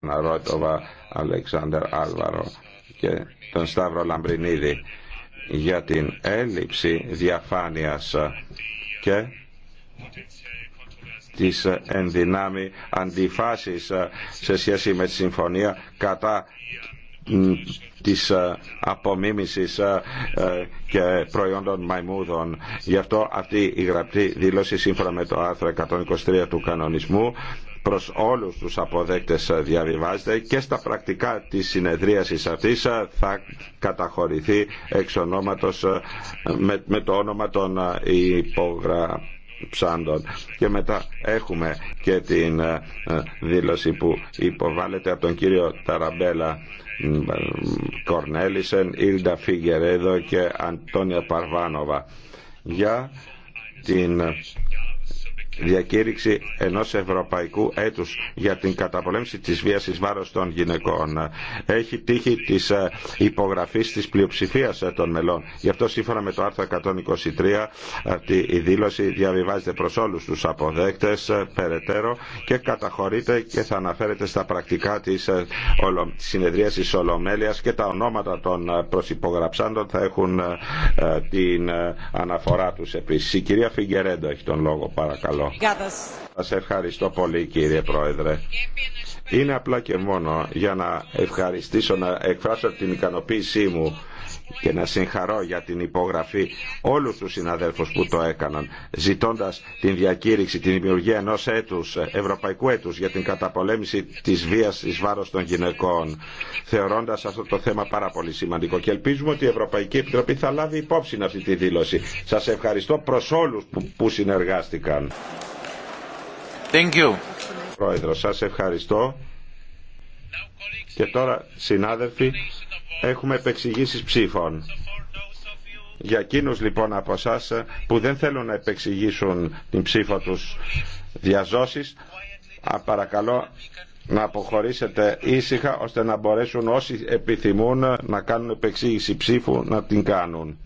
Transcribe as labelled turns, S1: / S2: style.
S1: Ρότοβα, Αλεξάνδρ Άλβαρο και τον Σταύρο Λαμπρινίδη για την έλλειψη διαφάνειας και τις ενδυνάμει αντιφάσεις σε σχέση με τη συμφωνία κατά της απομίμησης και προϊόντων μαϊμούδων. Γι' αυτό αυτή η γραπτή δήλωση σύμφωνα με το άρθρο 123 του κανονισμού προς όλους τους αποδέκτες διαβιβάζεται και στα πρακτικά της συνεδρίασης αυτής θα καταχωρηθεί εξ ονόματος, με, το όνομα των υπογραψάντων. Και μετά έχουμε και την ε, δήλωση που υποβάλλεται από τον κύριο Ταραμπέλα Κορνέλισεν, Ιλντα Φίγκερέδο και Αντώνια Παρβάνοβα για την διακήρυξη ενός ευρωπαϊκού έτους για την καταπολέμηση της βίας εις βάρος των γυναικών. Έχει τύχει της ε, υπογραφής της πλειοψηφίας ε, των μελών. Γι' αυτό σύμφωνα με το άρθρο 123 αυτή ε, η δήλωση διαβιβάζεται προς όλους τους αποδέκτες περαιτέρω και καταχωρείται και θα αναφέρεται στα πρακτικά της συνεδρίας της Ολομέλειας και τα ονόματα των προσυπογραψάντων θα έχουν την αναφορά τους επίσης. Η κυρία Φιγκερέντο έχει τον λόγο παρακαλώ. Σας ευχαριστώ πολύ κύριε Πρόεδρε. Είναι απλά και μόνο για να ευχαριστήσω, να εκφράσω την ικανοποίησή μου και να συγχαρώ για την υπογραφή όλους τους συναδέλφους που το έκαναν ζητώντας την διακήρυξη, την δημιουργία ενός έτους, ευρωπαϊκού έτους για την καταπολέμηση της βίας εις βάρος των γυναικών θεωρώντας αυτό το θέμα πάρα πολύ σημαντικό και ελπίζουμε ότι η Ευρωπαϊκή Επιτροπή θα λάβει υπόψη αυτή τη δήλωση. Σας ευχαριστώ προς όλους που συνεργάστηκαν. Thank you. ευχαριστώ. Και τώρα, συνάδελφοι, έχουμε επεξηγήσεις ψήφων. Για εκείνους λοιπόν από εσά που δεν θέλουν να επεξηγήσουν την ψήφο τους διαζώσει, α, παρακαλώ να αποχωρήσετε ήσυχα ώστε να μπορέσουν όσοι επιθυμούν να κάνουν επεξήγηση ψήφου να την κάνουν.